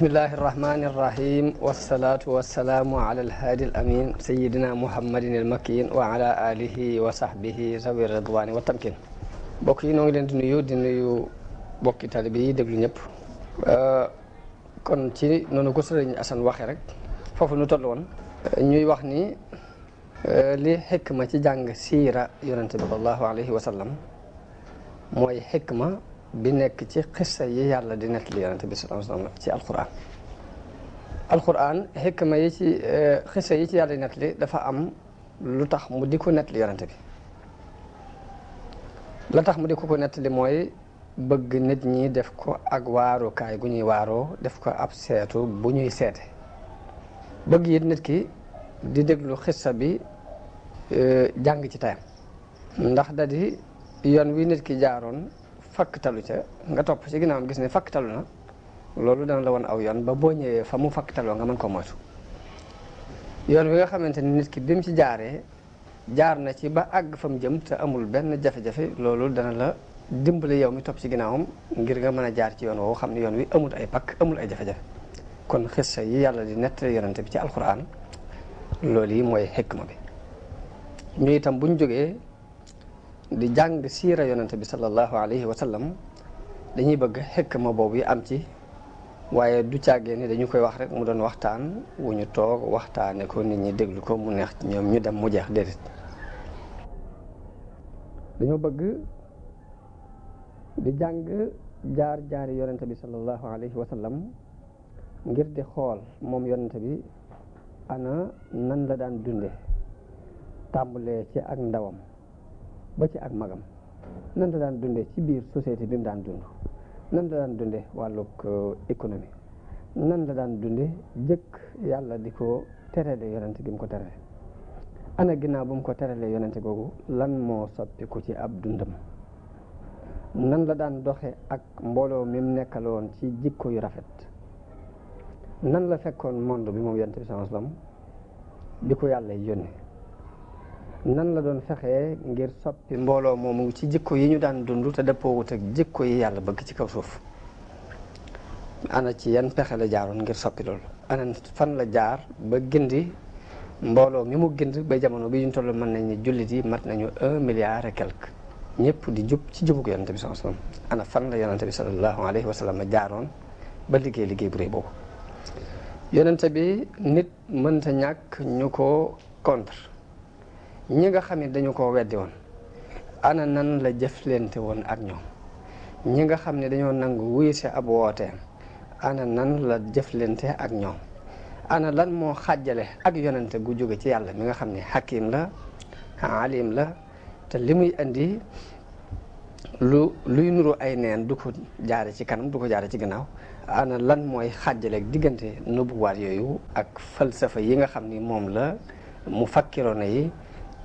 bismillahi irrahmani irrahim wassalatu wassalaamu ala alhaadi al amin sayidina muhammadin al makin wa ala alihi wa sahbihi zawi ridwani wa tamkin mbokk yi noo ngi leen di nuyu di nuyu bokki tali bi déglu ñëpp uh, kon ci noonu ko sëriñ Asan waxee rek foofu nu toll woon uh, ñuy wax ni uh, li xikma ci jàng siira yonente bi sallallahu alayhi wa sallam mooy xikma bi nekk ci xissa yi yàlla di nettali yonente bi sallallahu alayhi wasallam ci alquran alquran xikma yi ci euh, xissa yi ci yàlla di nettali dafa am lu tax mu di ko nettali yonente bi lu tax mu di ko ko li mooy bëgg nit ñi def ko ak waarukaay gu ñuy waaroo def ko ab seetu bu ñuy seete bëgg it nit ki di déglu xissa bi euh, jàng ci tayam ndax da di yoon wi nit ki jaaroon fakk talu ca nga topp ci ginnaawam gis ne fakk talu na loolu dana la wan aw yoon ba boo ñëwee fa mu fakk taloo nga mën ko moytu yoon wi nga xamante ni nit ki bi mu ci jaaree jaar na ci ba àgg fa mu jëm te amul benn jafe-jafe loolu dana la dimbali yow mi topp ci ginnaawam ngir nga mën a jaar ci yoon woo xam ne yoon wi amul ay pakk amul ay jafe-jafe kon xissa yi yàlla di nettali yonante bi ci alquran loolu yi mooy xikma bi ñu itam bu ñu di jàng siira yonent bi sallallahu alayhi wa sallam dañuy bëgg xekk ma boobu yi am ci waaye du càggee ni dañu koy wax rek mu doon waxtaan wu ñu toog waxtaane ko nit ñi déglu ko mu neex ñoom ñu dem mu jeex déedéet dañoo bëgg di jàng jaar jaari yonent bi sallallahu alayhi wa sallam ngir di xool moom yonent bi ana nan la daan dunde tàmbalee ci ak ndawam ba ci ak magam nan la daan dundee ci biir société bi mu daan dund nan la daan dundee wàllug euh, économie nan la daan dunde jëkk yàlla di ko terale yonent gi mu ko terale ana ginnaaw bu mu ko teralee yonent googu lan moo soppiku ci ab dundam nan la daan doxe ak mbooloo mi mu nekkaloon ci jikko yu rafet nan la fekkoon monde bi moom yonent bi sallallahu alayhi wasallam bi ko yàlla yónnee nan la doon fexee ngir soppi mbooloo moomu ci jikko yi ñu daan dund te dëppoowut ak jikko yi yàlla bëgg ci kaw suuf ana ci yan pexe la jaaroon ngir soppi loolu ana fan la jaar ba gindi mbooloo mi mu gind ba jamono bi ñu toll mën nañ ni jullit yi mat nañu un milliard et quelque ñëpp di jub ci jubug yonante bi sallallahu alayhi wa sallam ana fan la yonante bi sallallahu alayhi wa jaaroon ba liggéey liggéey bu réy boobu yonante bi nit mënta ñàkk ñu ko contre ñi nga xam ne dañu ko weddi woon ana nan la jëflante woon ak ñoom ñi nga xam ne dañoo nangu wuyu si ab wooteem ana nan la jëflante ak ñoom ana lan moo xàjjale ak yonente gu jóge ci yàlla mi nga xam ne hakim la alim la te li muy indi lu luy nuru ay neen du ko jaare ci kanam du ko jaare ci gannaaw ana lan mooy xàjjaleeg diggante nubuwaat yooyu ak falsafa yi nga xam ni moom la mu fakkiroona yi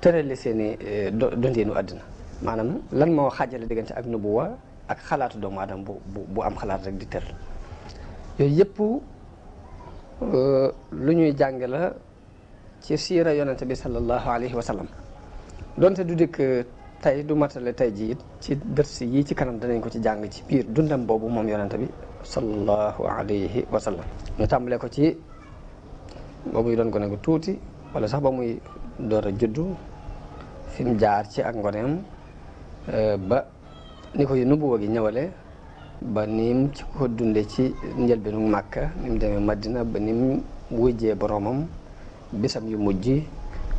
tërale seeni eh, donteenu àddina maanaam lan moo xaajale diggante ak nubuwa ak xalaatu doomu aadama bu bu am xalaat rek di tër yooyu yëpp eh, lu ñuy jàng ci siira yonente bi sallallahu alayhi wa sallam donte du dikk eh, tey du matale tey jiit ci dërs yii ci kanam danañ ko ci jàng ci biir dundam boobu moom yonente bi sallallahu alayhi wa sallam ñu tàmbalee ko ci ba muy doon gone gu tuuti wala sax ba muy doora a juddu fi jaar ci ak ngoneem e, ba ni ko nubuwa gi ñëwale ba nim ci ko dunde ci njëlbeenu màkka ni mu demee madina ba ni mu wujjee boromam bisam yu mujj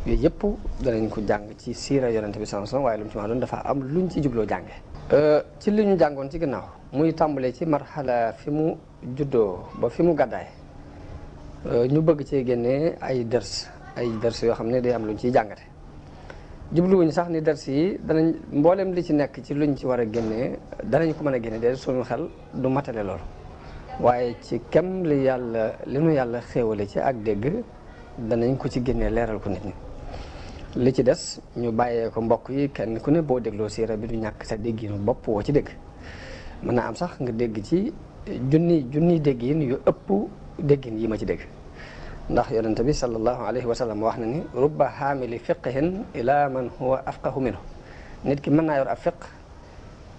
yooyu yëpp danañ ko jàng ci siira yonente bi sanson waaye lu ci maa doon dafa am luñ ci jubloo jànge e, ci li ñu jàngoon ci ginnaaw muy tàmbalee ci marxala fi mu juddoo ba fi mu gàddaay e, ñu bëgg cee génnee ay dërs ay dërs yoo xam ne day am luñ ciy jàngate jubluwuñ sax ni dars yi danañ mboolem li ci nekk ci luñ ci war a génnee danañ ko mën a génne de suñu xel du matale lool waaye ci kem li yàlla li nu yàlla xéewale ci ak dégg danañ ko ci génnee leeral ko nit ñi li ci des ñu bàyyee ko mbokk yi kenn ku ne boo dégloo siira bi du ñàkk sa dégginu bopp woo ci dégg mën naa am sax nga dégg ci junni junni déggin yu ëpp déggin yi ma ci dégg ndax yonente bi sallallahu alayhi wa sallam wax na ni rubba xaamili fiqhin ila man huwa afqahu minhu nit ki mën naa yor a fiq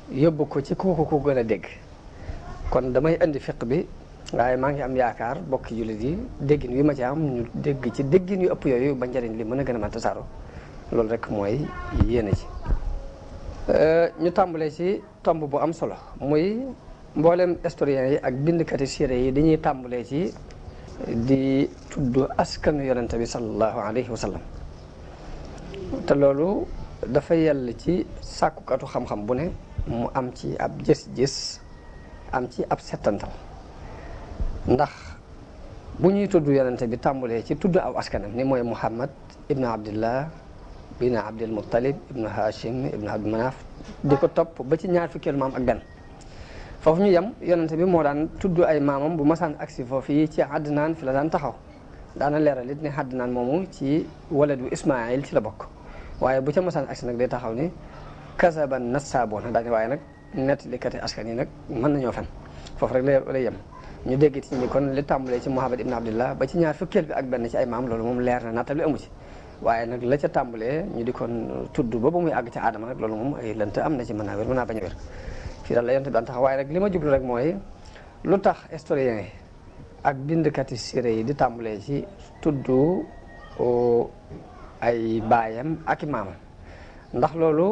yóbbu ko ci kooku ku gën a dégg kon damay indi fiq bi waaye maa ngi am yaakaar bokki jullit yi déggin wi ma ci am ñu dégg ci déggin yu ëpp yooyu ba njëriñ li mën a gën a mën loolu rek mooy yéene ci ñu tàmbalee ci tomb bu am solo muy mboolem historien yi ak bindkati siire yi dañuy tàmbalee ci di tudd askanu yonente bi salallahu alayhi wa sallam te loolu dafa yell ci sàkkukatu xam-xam bu ne mu am ci ab gis-gis am ci ab settantal ndax bu ñuy tudd yonente bi tàmbulee ci tudd aw askanam ni mooy muhammad ibnu abdillah bin abdil muttalib ibnu hashim ibnu abdu di ko topp ba ci ñaar fukkeelu maam ak benn foofu ñu yem yonente bi moo daan tudd ay maamam bu masaan agsi foofu yi ci Adnaan fi la daan taxaw daana leeral it ne Adnaan moomu ci walad bu Ismaayil ci la bokk waaye bu ca masaan agsi nag day taxaw ni kasaban nasaaboon daane waaye nag kate askan yi nag mën nañoo fen foofu rek lay yem ñu dégg ci ni kon li tàmbalee ci Muhammad ibn Abdillah ba ci ñaar fukkeel bi ak benn ci ay maam loolu moom leer na nattab li amu ci waaye nag la ca tàmbalee ñu di kon tudd ba ba muy ci aadama loolu moom ay lënt am na ci mën naa naa bañ a ci lan la yonte bi daan li ma jublu rek mooy lu tax historien yi ak bindkati siré yi di tàmbalee ci tuddu ay baayam ak maamam ndax loolu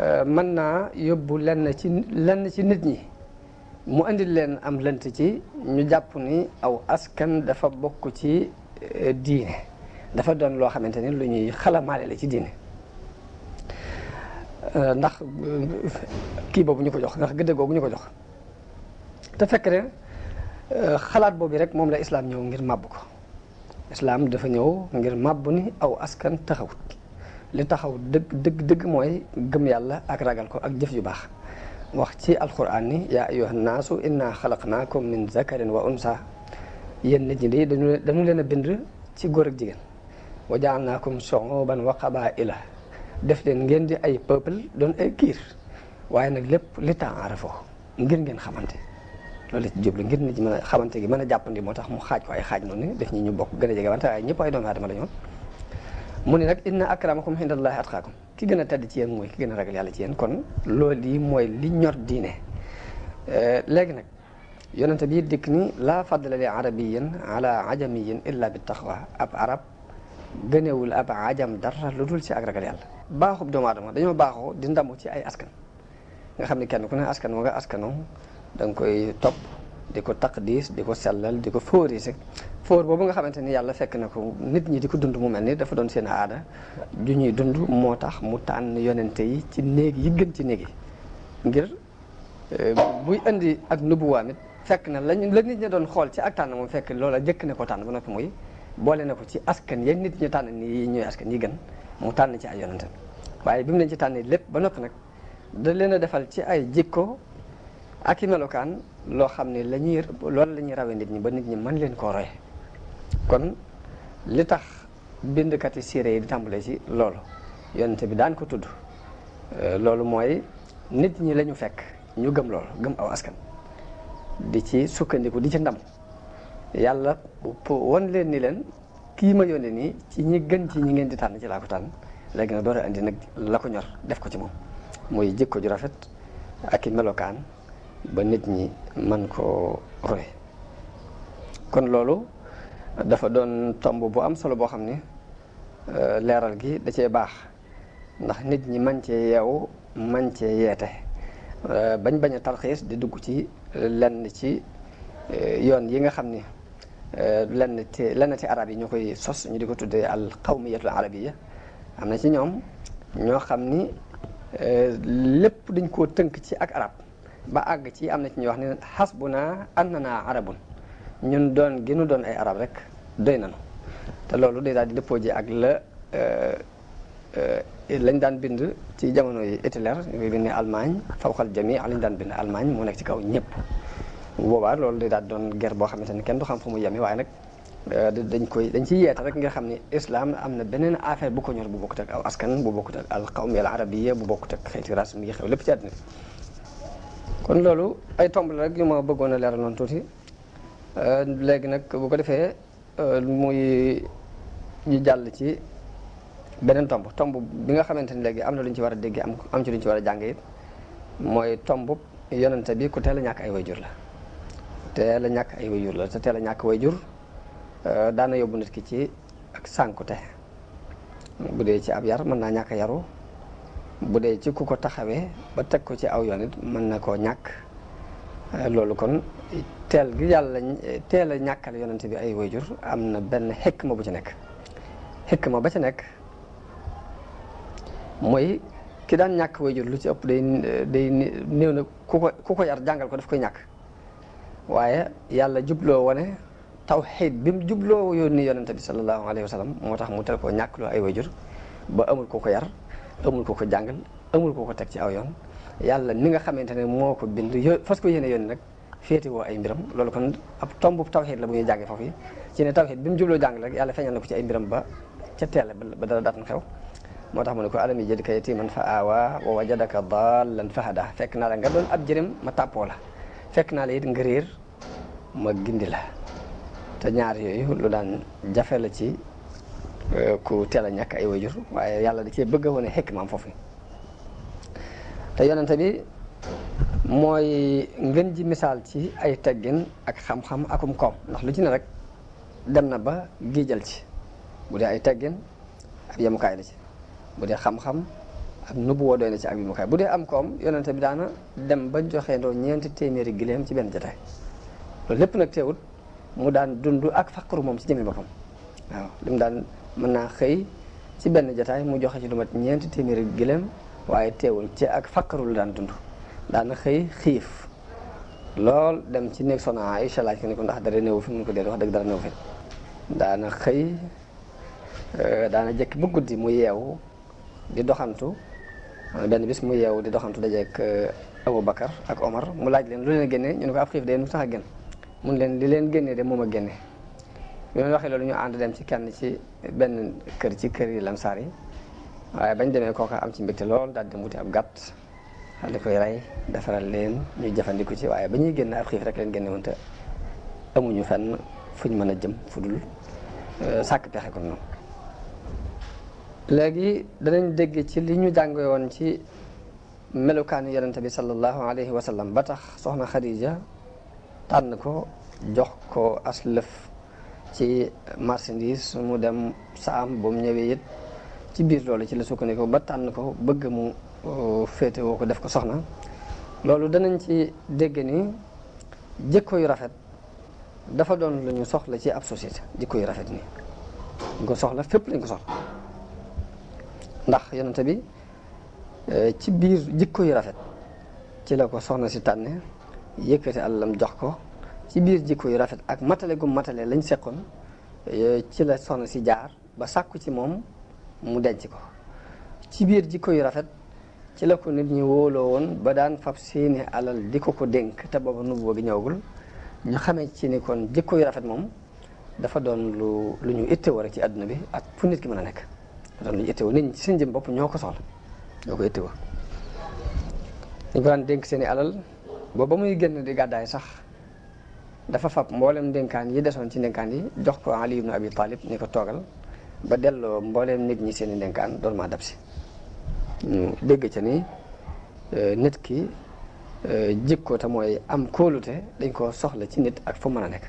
euh, mën naa yóbbu lenn ci nit ñi mu indi leen am lënt ci ñu jàpp ni aw askan dafa bokk ci euh, diine dafa doon loo xamante ni lu ñuy xalamaale la ci diine Euh, ndax euh, kii boobu ñu ko jox ndax gëdd ko jox te fekk euh, xalaat boobu rek moom la islaam ñëw ngir màbb ko islaam dafa ñëw ngir màbb ni aw askan taxawut li taxaw dëgg dëgg mooy gëm yàlla ak ragal ko ak jëf yu baax wax ci alquran ni yaa ayyuhan naasu inna xalaqnaakum min zakarin wa unsa yéen nit ñi de dañu dañu leen a bind ci góor ak jigéen wa jaalnaakum shuuban wa qabaa'ila def leen ngeen di ay peuple doon ay kiir waaye nag lépp li temps arafo ngir ngeen xamante loolu la ci jublu ngir nit ñi mën a xamante gi mën a jàppandi moo tax mu xaaj ko ay xaaj noonu def ñi ñu bokk gën a jege wante waaye ñëpp ay doomu aadama la ñoon mu ne nag inna akramakum indallahi atqaakum ki gën a tedd ci yéen mooy ki gën a ragal yàlla ci yéen kon loolu yi mooy li ñor diine eh, léegi nag yonente bi dikk ni laa fadla li arabiyin ala ajamiyin illa bi taqwa ab arab gënewul ab ajam dara lu dul ci ak yàlla baaxub doomu aadama dañoo baaxoo di ndamu ci ay askan nga xam ne kenn ku ne askan wa nga askanoo da nga koy topp di ko taqdis di ko sellal di ko fóorise fóor boobu nga xamante ni yàlla fekk na ko nit ñi di ko dund mu mel ni dafa doon seen aada ju ñuy dund moo tax mu tànn yonente yi ci néeg yi gën ci néeg ngir buy euh, indi ak nubuwaam it fekk na lañ la nit ñi doon xool ci ak tànn moom fekk loola jëkk na ko tànn ba noppi muy boole na ko ci askan yéen nit ñu tànn nii ñooy askan yi gën mu tànn ci ay yonent waaye bi mu leen ci tànnee lépp ba noppi nag da leen a defal ci ay jikko ak i melokaan loo xam ne la la ñuy rawee nit ñi ba nit ñi mën leen koo roye kon li tax bind kati siire yi di tàmbale ci loolu yonent bi daan ko tudd euh, loolu mooy nit ñi lañu fekk ñu gëm loolu gëm aw askan di ci sukkandiku di ci ndam yàlla won leen ni leen kii ma yónnee nii ci ñi gën ci ñi ngeen di tànn ci laa ko tànn léegi nag door a indi nag la ko ñor def ko ci moom mooy jikko ju rafet ak i melokaan ba nit ñi man koo roy kon loolu dafa doon tomb bu am solo boo xam ni euh, leeral gi da cee baax ndax nit ñi man cee yeewu man cee yeete euh, bañ bañ a tarxiis di dugg ci lenn ci euh, yoon yi nga xam ni Euh, lenn ci lenn ci arab yi ñoo koy sos ñu di ko tuddee al qawmiyatul arabiya am na ci ñoom ñoo xam ni euh, lépp dañ koo tënk ci ak arab ba àgg ci am na ci ñuy wax ne na annana arabun ñun doon gënu doon ay arab rek doy nañu te loolu day daal di dëppoo ji ak la euh, lañ daan bind ci jamono yi Hitler ñu koy bindee Allemagne fawqal jamii lañ daan bind Allemagne moo nekk ci kaw ñëpp bu boobaa loolu day daal doon guerre boo xamante ne kenn du xam fu mu yemee waaye nag euh, dañ koy dañ ciy yeete rek nga xam ne islam am na beneen affaire bu ko ñor bu bokkut ak aw askan bu bokkut ak al qawmi al arabiyya bu bokkut ak xeeti race mi ngi xew lépp ci àddina loolu ay tomb la rek bëggoon a leeral noonu euh, nag bu ko defee euh, muy ñu jàll ci beneen tomb tomb bi nga xamante ni léegi am na lu ci war a déggee am am ci lu ci war a jàngee mooy tomb yonente bi ku teel ñàkk ay wayjur la. teel a ñàkk ay wayjur la te teel a ñàkk wayjur euh, daana yóbbu nit ki ci ak sànkute bu dee ci ab yar mën naa ñàkk yaru bu dee ci ku ko taxawee ba teg ko ci aw yoon mën na koo ñàkk euh, loolu kon teel gi yàlla teel a ñàkkal yonent bi ay wayjur am na benn xikma bu ci nekk xikma ba ci nekk mooy ki daan ñàkk wayjur lu ci ëpp day day néew na ku ku ko yar jàngal ko daf koy ñàkk waaye yàlla jubloo wane tawxiid bi mu jubloo yónni yonente bi sallallahu alayhi wa sallam moo tax mu tel koo ñàkkloo ay wayjur ba amul ko ko yar amul ko ko jàngal amul ko ko teg ci aw yoon yàlla ni nga xamante ne moo ko bind yo fas ko yéene yónni nag féete woo ay mbiram loolu kon ab tombu tawxiid la bu ñuy jàngee foofu yi ci ne tawxiid bi mu jubloo jàngal rek yàlla feeñal na ko ci ay mbiram ba ca teele ba dara daatan xew moo tax mu ne ko alam yajidka yatiman fa aawaa wa wajadaka daallan fa hadaa fekk naa la nga doon ab ma tàppoo fekk naa la it nga réer ma gindi la te ñaar yooyu lu daan jafe la ci euh, ku teel a ñàkk ay wajur waaye yàlla da cee bëgg a wane xekk maam foofu te yonente bi mooy ngeen ji misaal ci ay teggin ak xam-xam akum koom ndax lu ci ne rek dem na ba giijal ci bu dee ay teggin ab yemukaay la ci bu dee xam-xam ab nubuwoo doy na ci ak yu mu kaay bu dee am koom yonente bi daana dem ba joxe ndoo ñeenti téeméeri gileem ci benn jotaay loolu lépp nag teewul mu daan dund ak fakkaru moom ci jëmmi boppam waaw daan mën naa xëy ci benn jotaay mu joxe ci lu ñeenti téeméeri gileem waaye teewul ci ak fakkaru la daan dund daana xëy xiif lool dem ci nekk Soxna Aïcha laaj ko ni ko ndax dara néewu fi mun ko dee wax dëgg dara néewu fi daana xëy euh, daana jëkk ba guddi mu yeewu di doxantu Euh, benn bis mu yeewu di doxantu dajeeg euh, Aboubacar ak Omar mu laaj leen lu leen génnee ñu ne ko ab xiif de lu tax a génn mun leen di leen génnee de moom a génne bi ma waxee loolu ñu ànd dem ci kenn ci benn kër ci kër yi lamsaar yi waaye bañ demee kooka am ci mbégte lool daal di wuti ab gàtt daal koy rey defaral leen ñuy jëfandiku ci waaye ba ñuy génn ab xiif rek leen génne woon te amuñu fenn fuñ mën a jëm fu dul euh, sàkk pexe kon noonu léegi danañ dégg ci li ñu jàngee woon ci melukaanu yonente bi sallallahu alayhi wa sallam ba tax soxna Khadija tànn ko jox ko aslëf ci marchandise mu dem saam bu mu ñëwee it ci biir loolu ci la sukkandiku ba tànn ko bëgg mu uh, féete woo ko def ko soxna loolu danañ ci dégg ni jikko yu rafet dafa doon lu ñu soxla ci ab société jikko yu rafet nii ñu ko soxla fépp lañ ko soxla ndax yonent bi euh, ci biir jikko yu rafet ci la ko soxna si tànne yëkkati àllam jox ko ci biir jikko yu rafet ak matale gu matale lañ euh, ci la soxna si jaar ba sàkku ci moom mu denc ko ci biir jikko yu rafet ci la ko nit ñi wóoloo woon ba daan fab seeni alal di ko ko dénk te booba nubuwa gi ñëwagul ñu xamee ci ni kon jikko yu rafet moom dafa doon lu lu ñu itte war ci àdduna bi ak fu nit ki mën a nekk loolu la ñu itteewoo nit ñi ñoo ko soxla ñoo ko itteewoo ko daan dénk seen i alal boobu ba muy génn di gàddaay sax dafa fab mboolem ndénkaan yi desoon ci ndénkaan yi jox ko Ali ibn Abi Talib ni ko toogal ba delloo mbooleem nit ñi seen i ndénkaan doon maa dab si dégg ca ni e, nit ki e, jikko te mooy am koolute dañ koo soxla ci nit ak fu mën a nekk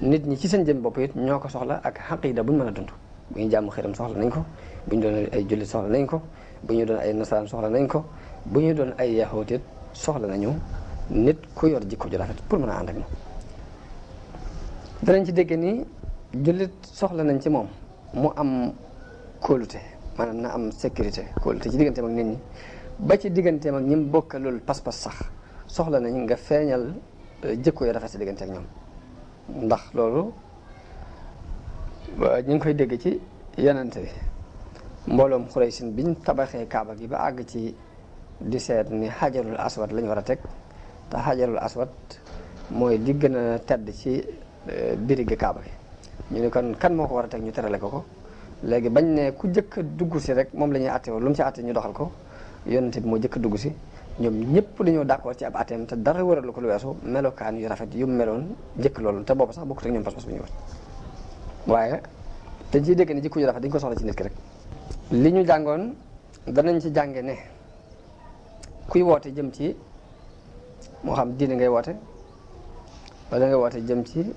nit ñi ci seen jëm bopp it ñoo ko soxla ak xaqiida buñ mën a dund bu ñu jàmm xëram soxla nañ ko bu ñu doon ay jullit soxla nañ ko bu ñu doon ay nasaraan soxla nañ ko bu ñu doon ay yaxootit soxla nañu nit ku yor jikko ju rafet pour mën a ànd ak moom danañ ci dégg ni jullit soxla nañ ci moom mu am kóolute maanaam na am sécurité kóolute ci digganteem ak nit ñi ba ci digganteem mag ñi mu bokkalul pas-pas sax soxla nañ nga feeñal euh, jikko yu rafet ci diggante ñoom ndax loolu ñu ngi koy dégg ci yonent bi mbooloom bi ñu tabaxee kaaba gi ba àgg ci di seet ni xajarul aswad lañu war a teg te xajarul aswad mooy li gën a tedd ci eh, birigi kaaba gi ñu ne kon kan moo ko war a teg ñu terale ko ko léegi bañ ne ku jëkk dugg si rek moom la ñuy àtte woon lu mu ñu doxal ko yonent bi moo jëkk a dugg si ñoom ñëpp dañoo d'accord ci ab àtteem te dara wëralu ko lu weesu melokaan yu rafet yu meloon jëkk loolu te boobu sax bokkut ak ñoom pas-pas bu waaye dañ ciy dégg ne jikko ju rafet dañ ko soxla ci nit ki rek li ñu jàngoon danañ ci jànge ne kuy woote jëm ci moo xam diine ngay woote wala ngay woote jëm ci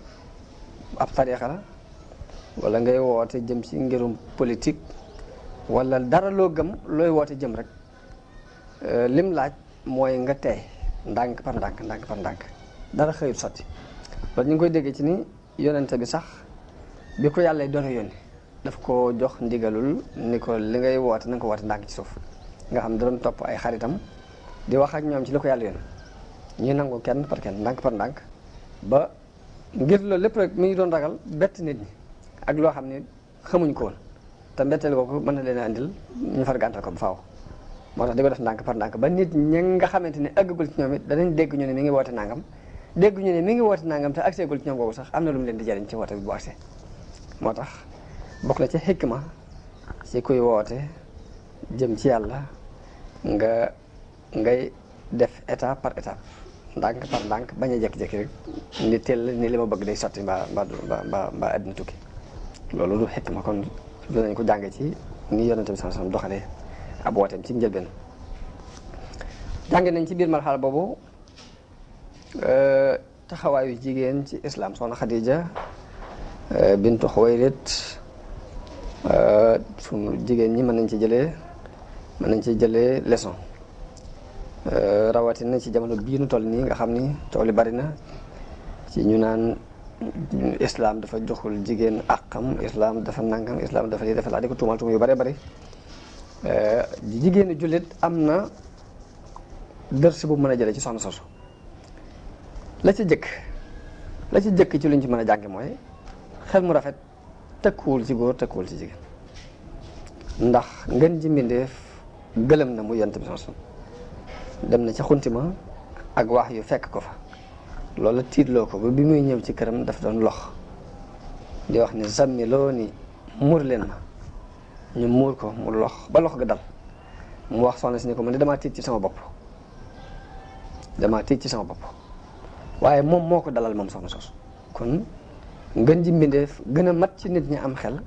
ab tariixa wala ngay woote jëm ci ngirum politique wala dara loo gëm looy woote jëm rek euh, lim laaj mooy nga teey ndànk par ndànk ndànk par ndànk dara xëyut sotti loolu ñu ngi koy déggee ci ni yonente bi sax bi ko yàlla doon yónni daf ko jox ndigalul ni ko li ngay woote na ko woote ndànk ci suuf nga xam da doon topp ay xaritam di wax ak ñoom ci li ko yàlla yónni ñuy nangu kenn par kenn ndànk par ndànk ba ngir loolu lépp rek mi ngi doon ragal bett nit ñi ak loo xam ne xamuñ ko woon te mbetteel kooku mën na leen a indil ñu far gàntal ko bu faaw moo tax di ko xamante ne àggagul ci ñoom danañ dégg ñu ne mi ngi woote nangam dégg ñu ne mi ngi woote nangam te agseegul ci ñoom googu sax am na lu leen di jariñ ci woote bi bu agsee moo tax bokk na ci xikma si koy woote jëm ci yàlla nga ngay def étape par étape ndànk par ndànk bañ a jékki rek ni teel ni li ma bëgg day sotti mbaa mbaa mbaa addina tukki loolu du xikma kon dinañ ko jànge ci ni yonente bi sallallahu alayhi wasallam doxalee ab wooteem ci njëlbeen jànge nañ ci biir marxal boobu euh, taxawaayu jigéen ci islam soxna Xadija bintu Xuwaylit euh, sunu jigéen ñi mën nañ ci jëlee mën nañ ci jëlee leçon euh, rawatina ci jamono bii nu toll nii nga xam ni coow li bari na ci ñu naan islam dafa joxul jigéen àqam islam dafa nangam islam dafa lii dafa laa di ko tuumal tuuma yu bari bari euh, jigéenu jullit am na dërs bu mën a jëlee ci soxna sosu la ci jëkk la ci jëkk ci luñ ci mën a jànge mooy xel mu rafet tëkkuwul ci góor tëkkuwul ci jigéen ndax ngën ji mbindeef gëlëm na mu yonent bi sallallahu alayhi dem na ci xuntima ak wax yu fekk ko fa loolu loola tiitloo ko ba bi muy ñëw ci këram daf doon lox di wax ni zammi loo ni muur leen ma ñu muur ko mu lox ba lox ga dal mu wax soxna si ni ko man de damaa tiit ci sama bopp damaa tiit ci sama bopp waaye moom moo ko dalal moom soxna soosu gën ji mbindeef gën a mat ci nit ñi am xel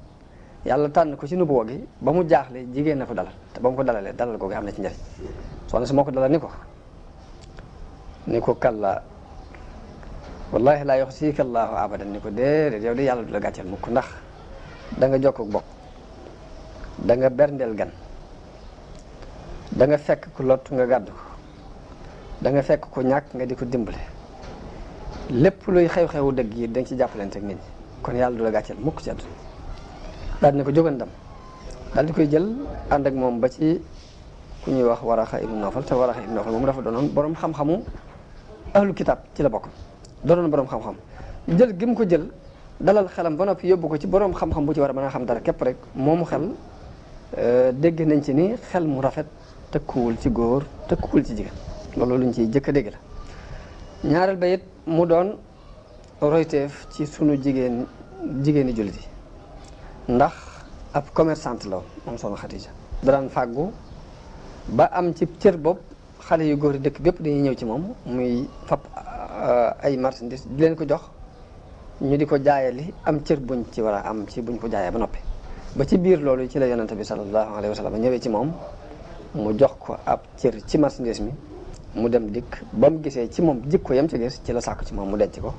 yàlla tànn ko ci nubuwa gi ba mu jaaxle jigéen na ko dalal te ba mu ko dalalee dalal googu am na ci njëriñ soxna si moo ko dalal ni ko ni ko kalla wallahi laa yox siika allaahu abadan ni ko déedéet yow de yàlla du la gàcceel mukk ndax danga nga jokk bokk da nga berndeel gan danga fekk ku lot nga gàddu ko da fekk ku ñàkk nga di ko dimbale lépp luy xew-xewu dëgg yi da ci jàppalante ak nit ñi kon yàlla du la gàcceel mukk ci àdduna daal na ko jógandam daal di koy jël ànd ak moom ba ci ku ñuy wax Waraxa ibnu Nawfal te Waraxa ibnu Nawfal moom dafa doonoon borom xam-xamu ahlu kitaab ci la bokk doonoon borom xam-xam jël gi ko jël dalal xelam ba noppi yóbbu ko ci borom xam-xam bu ci war ba mën a xam dara képp rek moomu xel euh, dégg nañ ci ni xel mu rafet tëkkuwul ci góor tëkkuwul ci jigéen loolu luñ ciy jëkk a dégg mu doon royteef ci sunu jigéen jigéeni jullit yi ndax ab commerçante la woon moom soxna Xadija daan fàggu ba am ci cër bopp xale yu góor yi dëkk bépp dañuy ñëw ci moom muy fab eh, ay marchandise du leen ko jox ñu di ko jaayali am cër buñ ci war a am ci buñ ko jaayee ba noppi ba ci biir loolu ci la yonente bi sallallahu alayhi wa ñëwee ci moom mu jox ko ab cër ci marchandise mi mu dem dikk ba mu gisee ci moom jikko yem ci gis ci la sàkk ci moom mu denc ko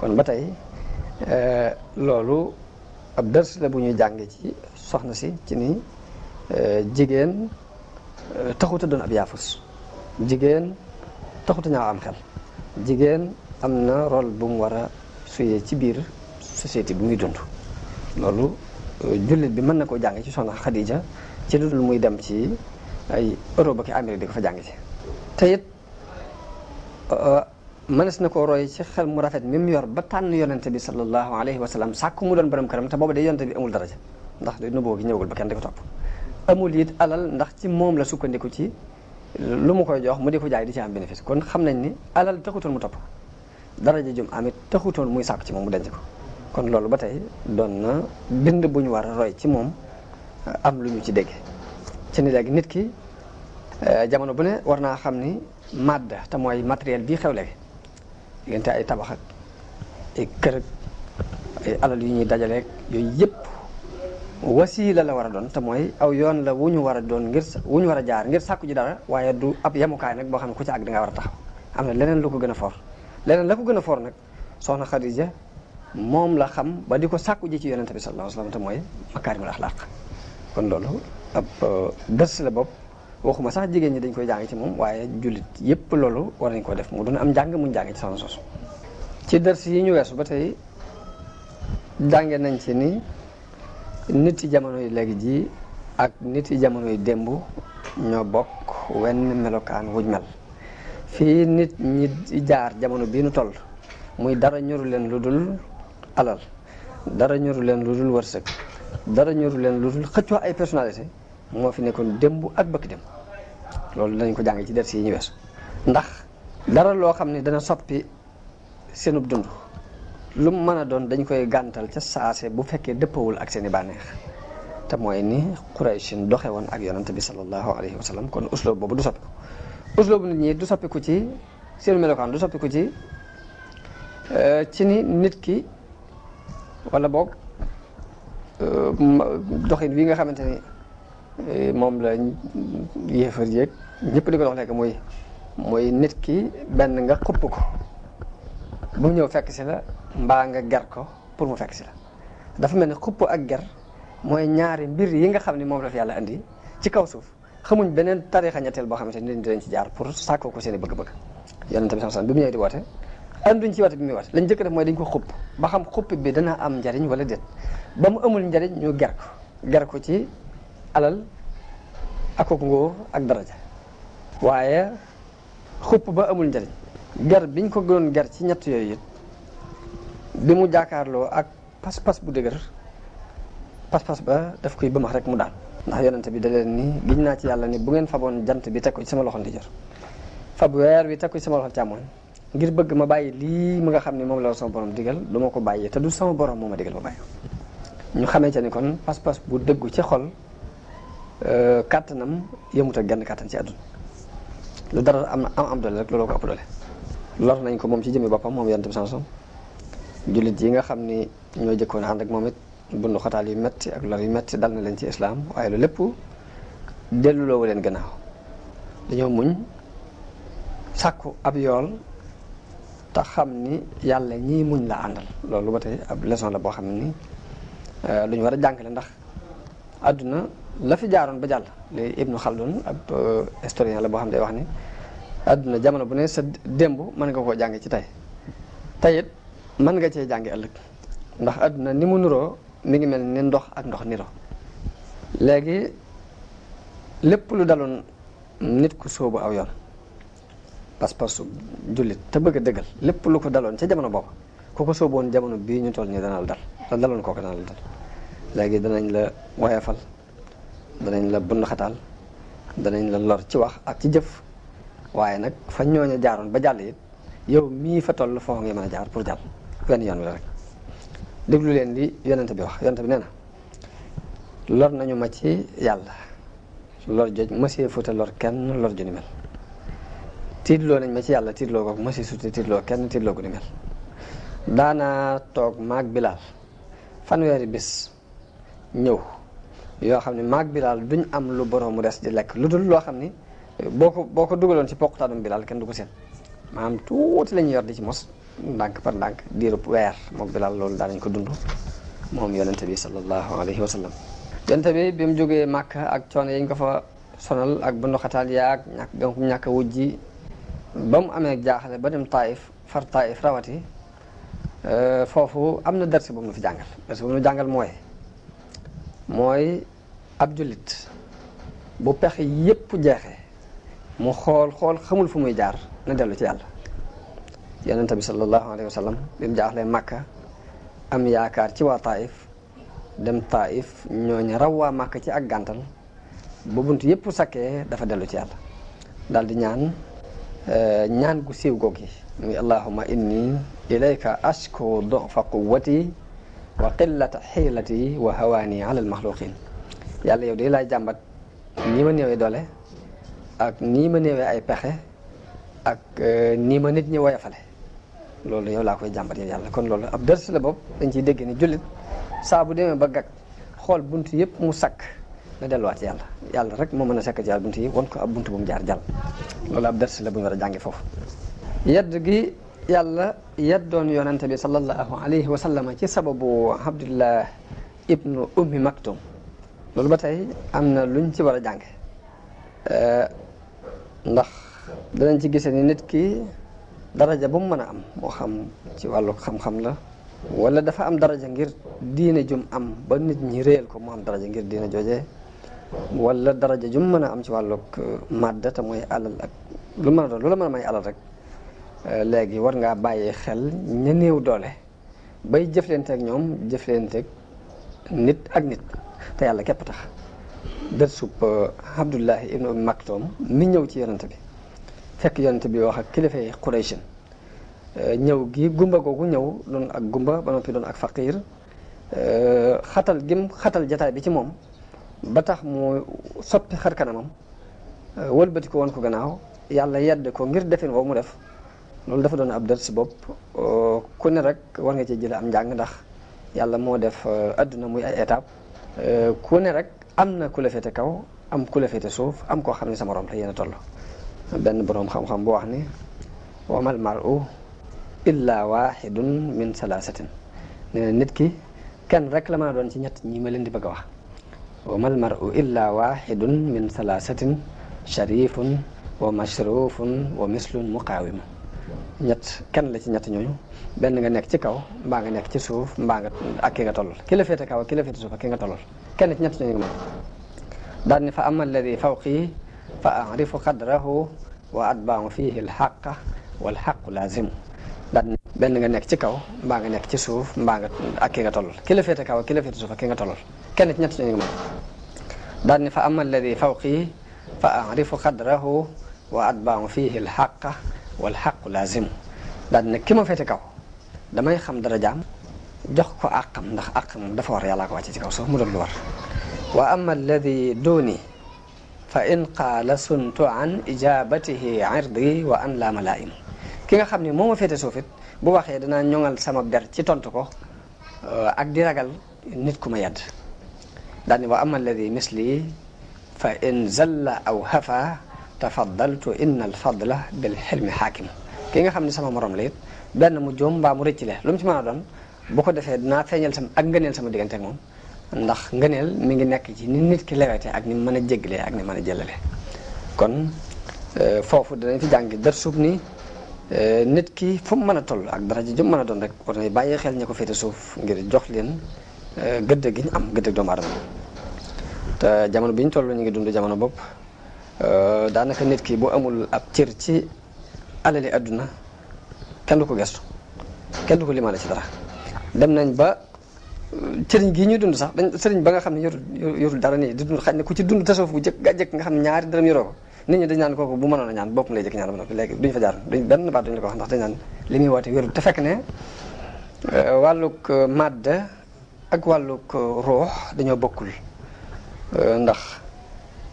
kon ba tey eh, loolu ab dërs bu ñuy jànge ci soxna si ci ni eh, jigéen eh, taxuta doon ab yaafus jigéen taxuta ñaaw am xel jigéen am na rôle bu mu war a suyee ci biir société bu muy dund loolu jullit bi mën na koo jànge ci soxna Xadija ci lu dul muy dem ci ay Europe ak Amérique di ko fa jànge ci te it euh, mënees na ko roy ci xel mu rafet mi mu yor ba tànn yonente bi sallallahu alayhi wa sallam sàkk mu doon borom këram te booba day yonente bi amul daraja ndax nuboo gi ñëwagul ba kenn di ko topp amul it alal ndax ci moom la sukkandiku ci lu mu koy jox mu di ko jaay di ci am bénéfice kon xam nañ ni alal taxutoon mu topp daraja jum amit taxutoon muy sàkk ci moom mu denc ko kon loolu ba tey doon na bind bu ñu war a roy ci moom am lu ñu ci dégg nit ki Euh, jamono bu ne war naa xam ni màdd te mooy matériel bii xewle diggante ay tabax ay kër ak ay alal yu ñuy dajaleeg yooyu yëpp wasiila la war a doon te mooy aw yoon la wu ñu war a doon ngir wu ñu war a jaar ngir sàkku ji dara waaye du ab yemukaay nag boo xam ne ku ci àgg da nga war a taxaw am na leneen lu ko gën a for leneen la ko gën a for nag soxna Xadija moom la xam ba di ko sàkku ji ci yonente bi sallallahu alayhi wa sallam te mooy makaarimul axlaaq kon loolu ab euh, la bopp waxuma sax jigéen ñi dañ koy jàng ci moom waaye jullit yépp loolu war nañ ko def mu doon am jàng mu jàng ci soxna sos ci dërs yi ñu weesu ba tey jànge nañ ci ni nit yi jamono yi léegi ji ak nit yi jamono yi démb ñoo bokk wenn melokaan wuñ mel fii nit ñi jaar jamono bii nu toll muy dara ñoru leen lu dul alal dara ñoru leen lu dul wërsëg dara ñoru leen lu dul xëccoo ay personnalité moo fi nekkoon démb ak bëkk démb loolu danañ ko jàng ci ders yi ñu weesu ndax dara loo xam ne dana soppi seenub dund lu mu mën a doon dañ koy gàntal ca saase bu fekkee dëppawul ak seen i bànneex te mooy ni Qurayshin doxe woon ak yonante bi sallallahu alayhi wa sallam kon usloob boobu du soppiku usloobu nit ñi du soppiku ci seen melokaan du soppiku ci euh, ci ni nit ki wala boog euh, doxin wi nga xamante ni Eh, moom la yéefar yéeg ñëpp li ko wax léegi mooy mooy nit ki benn nga xupp ko bu ñëw fekk si la mbaa nga ger ko pour mu fekk si la dafa mel ne xupp ak ger mooy ñaari mbir yi nga xam ni moom la fi yàlla andi ci kaw suuf xamuñ beneen tarixa ñetteel boo xamante ni dinañ ci jaar pour sàkkoo seen i bëgg-bëgg yonent bi sax bi mu ñëwee di woote anduñ ci woote bi muy woote lañ jëkk def mooy dañ ko xupp ba xam xupp bi dana am njariñ wala déet ba mu amul njariñ ñu ger ko ger ko ci alal ak ak ngóor ak daraja waaye xupp ba amul njëriñ ger biñ ko gënoon ger ci ñett yooyu it bi mu jàkkaarloo ak pas-pas bu dëgër pas-pas ba daf koy bëmax rek mu daal ndax yonente bi da leen ni naa ci yàlla ni bu ngeen faboon jant bi teg ko sama loxo ndijoor fab weer wi teg ko ci sama loxo ngir bëgg ma bàyyi lii mu nga xam ne moom la sama borom digal du ma ko bàyyi te du sama borom moo ma digal ma bàyyi ñu xamee ca ni kon pas-pas bu dëggu ci xol Euh, kàttanam yemut ak genn kàttan ci àdduna lu dara am am am doole rek looloo ko ëpp doole lor nañ ko moom ci jëmmi boppam moom yonent bi jullit yi nga xam ni ñoo jëkkoon ànd ak moom it bundu xataal yu metti ak lor yu metti dal na leen ci islaam waaye lu lépp delluloowu leen gannaaw dañoo muñ sàkku ab yool te xam ni yàlla ñii muñ la àndal loolu ba tey ab leçon la boo xam ni euh, lu ñu war a jàngale ndax àdduna la fi jaaroon ba jàll léegi Ibnu Khaldun ab euh, historien la boo xam day wax ni àdduna jamono bu ne sa démb mën nga koo jànge ci tey tey it mën nga cee jànge ëllëg ndax àdduna ni mu niroo mi ngi mel ni ndox ak ndox niroo léegi lépp lu daloon nit ku sóobu aw yoon pas-pasu jullit te bëgg a dëggal lépp lu ko daloon ca jamono boobu ku ko sóoboon jamono bii ñu toll nii dana la dal te daloon kooku dana la dal léegi danañ la woyafal danañ la bund danañ la lor ci wax ak ci jëf waaye nag fa ñooña jaaroon ba jàll it yow mii fa toll foo ngi mën a jaar pour jàll wenn yoon wi la rek déglu leen li yonent bi wax yonent bi nee lor nañu ma ci yàlla lor joj monsieur Fouta lor kenn lor ju ni mel tiitloo nañ ma ci yàlla tiitloo ko monsieur Souta tiitloo kenn tiitloo ko ni mel daanaa toog maag bilaal fanweeri bis ñëw yoo xam ne maag bilaal duñ am lu mu des di lekk lu dul loo xam ni boo ko boo ko dugaloon ci poqutaanum bilaal kenn du ko seen maanaam tuuti la ñuy yor di ci mos ndànk par ndànk diirub weer moom bilaal loolu daanañ ko dund moom yonente bi sallallahu alayhi wa sallam yonente bi bi mu jógee màkk ak coono yi ko fa sonal ak bundu xataal yaag ñàkk donc ñàkk wujji ba mu amee jaaxale ba dem taif far taif rawati euh, foofu am na dersi bu mu nu fi jàngal dersi bu nu jàngal mooy mooy ab jullit bu pexe yépp jeexee mu xool xool xamul fu muy jaar na dellu ci yàlla yonent bi sallallahu alayhi wa bi mu jaaxlee Makka am yaakaar ci waa Taif dem Taif ñooñu raw waa Makka ci ak gàntal ba bunt yépp sakkee dafa dellu ci yàlla daal di ñaan e, ñaan gu siiw googi muy allahumma inni ilayka ashku du'fa quwwati wa qillata xiilati wa hawaani ala almaxluqin yàlla yow de laay jàmbat nii ma néewee doole ak nii ma néewee ay pexe ak euh, nii ma nit ñi woyafale loolu yow laa koy jàmbat yow yàlla kon loolu ab dërs la boobu dañ ciy dégg ni jullit saa bu demee ba gag xool bunt yëpp mu sakk na delluwaat yàlla yàlla rek moom mën a sakk ci bunt yi won ko ab bunt bu jaar jàll loolu ab dërs la bu ñu war a jàngi foofu yedd gi yàlla yaddoon yonante bi sallallahu alayhi wa sallam ci sababu abdullah ibnu ummi maktum loolu ba tey am na luñ ci war a jànge eh, ndax danañ ci gisee ni nit ki daraja bu mu mën a am moo xam ci wàllu xam-xam la walla dafa am daraja ngir diine jum am ba nit ñi réel ko mu am daraja ngir diine jooje wala daraja jum mën a am ci wàllug eh, màdda te mooy alal ak lu mën a doon lu la mën may alal rek léegi war ngaa bàyyi xel ña néew doole bay jëflante ak ñoom jëflante nit ak nit te yàlla képp tax dët sub euh, Abdullahi ibnu Ummi Maktoum mi ñëw ci yonent bi fekk yonent bi wax ak kilifay Qurayshin euh, ñëw gi gumba googu ñëw doon ak gumba ba noppi doon ak faqiir euh, xatal gim xatal jataay bi ci moom ba tax mu soppi xar kanamam walbati ko woon ko gannaaw yàlla yedd ko ngir defin woo mu def loolu dafa doon ab dar si bopp euh, ku ne rek war nga cee jëlee am njàng ndax yàlla moo def adduna euh, muy ay étape euh, ku ne rek am na ku la kaw am ku la féete suuf am koo xam ne sama morom la yéen a toll benn boroom xam-xam bu wax ni wamal maru illa wahidun min nit ki kenn rek la mën doon ci ñett ñi ma leen di bëgg a wax wamal maru illa wahidun min salasatin sharifun wa mashrufun wa mislun muqaawim ñett kenn la ci ñett ñooñu benn nga nekk ci kaw mbaa nga nekk ci suuf mbaa nga ak ki nga tollal ki la féete kaw ak ki la féete suuf ak ki nga tollal kenn ci ñett ñooñu nga mën daal ni fa ama alladi fawqi fa arifu qadrahu wa atbaahu fihi alxaqa walxaqu lazimu daal ni benn nga nekk ci kaw mbaa nga nekk ci suuf mbaa nga ak ki nga tollal ki la féete kaw ak ki la féete suuf ak ki nga tollal kenn ci ñett ñooñu nga mën daal ni fa ama alladi fawqi fa arifu qadrahu wa atbaahu fihi alxaqa wal xaqu laazim daal ki ma féete kaw damay xam dara jaam jox ko àqam ndax àq moom mu doon wa ama alladi duuni fa in qaala suntu an ijabatihi irdi wa an la malaim ki nga xam ne moo ma féete suuf it bu waxee danaa ñoŋal sama der ci tontu ko euh, ak di ragal nit ku ma yedd daal ne wa ama misli fa in zalla aw hafa tafaddaltu inna al fadla bil xilmi xaakim ki nga xam ne sama morom la it benn mu joom mbaa mu rëcc le lu mu ci mën doon bu ko defee dinaa feeñal sama ak ngëneel sama diggante moom ndax ngeneel mi ngi nekk ci ni nit ki lewete ak ni mën a jéglee ak ni mën a jëlale kon euh, foofu danañ fi jàng dar suuf ni euh, nit ki fu mën a toll ak dara ji jum mën a doon rek war nañ bàyyi xel ñi ko féete suuf ngir jox leen euh, gëdd gi ñu am gëdd ak doomu te jamono bi ñu ñu ngi dund jamono bopp Euh, daanaka nit ki boo amul ab cër ci alali àdduna kenn du ko gestu kenn du ko limaale ci dara dem nañ ba sëriñ euh, gi ñuy dund sax dañ sëriñ ba nga xam ne yorul dara nii di dund xaj ne ku ci dund tasawuf bu jëkk ga jëkk nga xam ne ñaari dërëm yoroo ko nit ñi dañ naan kooku bu mënoon a ñaan boppam lay jëkk ñaan ba noppi léegi duñ fa jaar duñ benn baat duñ la ko wax ndax dañ naan li muy woote wérul te fekk ne euh, wàllug màdd ak wàllug ruux dañoo bokkul ndax